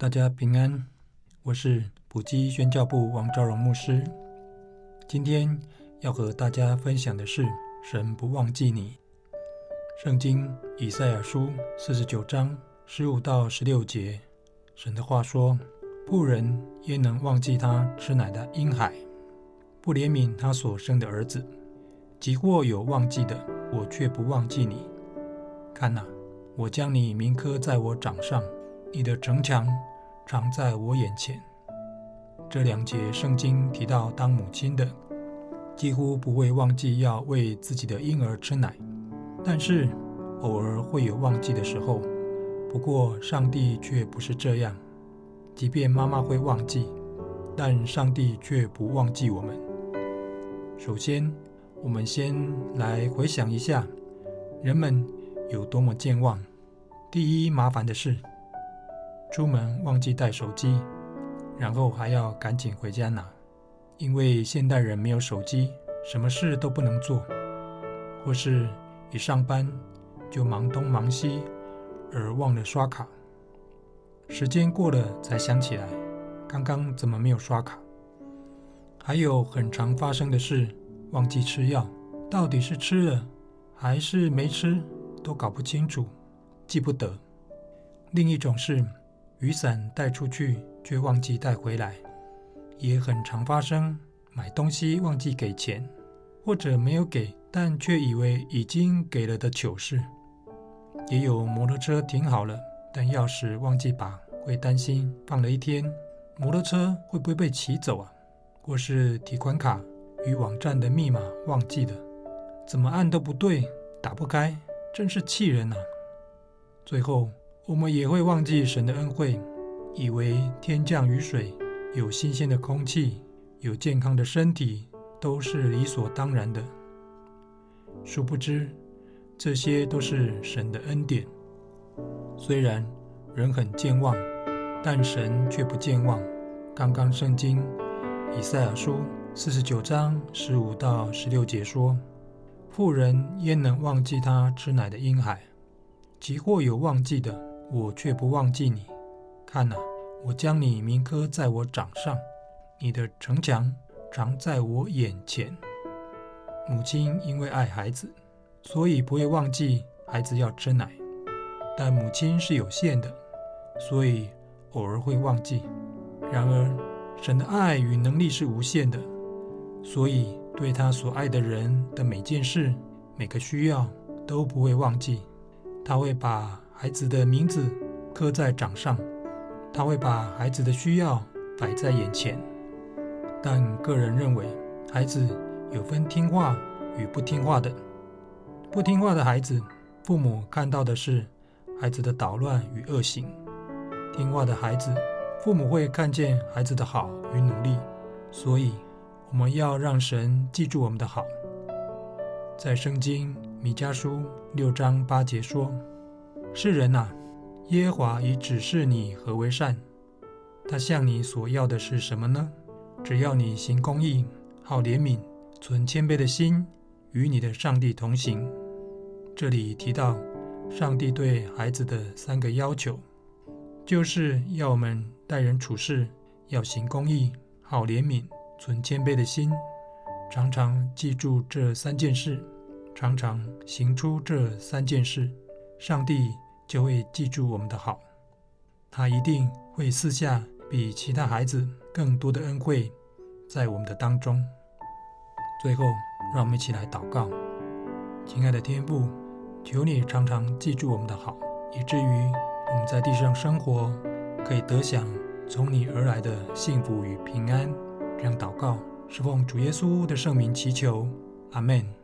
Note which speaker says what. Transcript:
Speaker 1: 大家平安，我是埔基宣教部王昭榮牧師。今天要和大家分享的是：神不忘記你。聖經以賽亞書四十九章十五到十六節，神的話說：“婦人焉能忘記他吃奶的嬰孩，不憐憫他所生的兒子？即或有忘記的，我卻不忘記你。看吶、啊，我將你銘刻在我掌上，你的城牆。”常在我眼前。這兩節聖經提到，當母親的幾乎不會忘記要餵自己的嬰兒吃奶，但是偶爾會有忘記的時候。不過，上帝卻不是這樣。即便媽媽會忘記，但上帝卻不忘記我們。首先，我們先來回想一下，人們有多麼健忘。第一，麻煩的是。出門忘記帶手機，然後還要趕緊回家拿，因為現代人沒有手機，什麼事都不能做。或是一上班就忙東忙西，而忘了刷卡，時間過了才想起來，剛剛怎麼沒有刷卡？還有很常發生的事，忘記吃藥，到底是吃了還是沒吃，都搞不清楚，記不得。另一種是。雨傘帶出去卻忘記帶回來，也很常發生。買東西忘記給錢，或者沒有給，但卻以為已經給了的糗事，也有摩托車停好了，但鑰匙忘記拔，會擔心放了一天摩托車會不會被騎走啊？或是提款卡與網站的密碼忘記了，怎麼按都不對，打不開，真是氣人啊！最後。我們也會忘記神的恩惠，以為天降雨水、有新鮮的空氣、有健康的身體都是理所當然的。殊不知，這些都是神的恩典。雖然人很健忘，但神卻不健忘。剛剛聖經以賽亞書四十九章十五到十六節說：“婦人焉能忘記他吃奶的嬰孩？即或有忘記的？”我卻不忘記你，看哪，我將你銘刻在我掌上，你的城牆常在我眼前。母親因為愛孩子，所以不會忘記孩子要吃奶，但母親是有限的，所以偶爾會忘記。然而，神的愛與能力是無限的，所以對他所愛的人的每件事、每個需要都不會忘記，他會把孩子的名字刻在掌上，他會把孩子的需要擺在眼前。但個人認為，孩子有分聽話與不聽話的。不聽話的孩子，父母看到的是孩子的搗亂與惡行；聽話的孩子，父母會看見孩子的好與努力。所以，我們要讓神記住我們的好。在聖經彌迦書六章八節說：世人哪，耶和華已指示你何為善。他向你所要的是什麼呢？只要你行公義，好憐憫，存謙卑的心，與你的上帝同行。這裡提到上帝對孩子的三個要求，就是要我們待人處事要行公義，好憐憫，存謙卑的心。常常記住這三件事，常常行出這三件事。上帝就會記住我們的好，他一定會賜下比其他孩子更多的恩惠，在我們的當中。最後，讓我們一起來禱告，親愛的天父，求你常常記住我們的好，以至於我們在地上生活可以得享從你而來的幸福與平安。這樣禱告是奉主耶穌的聖名祈求，阿門。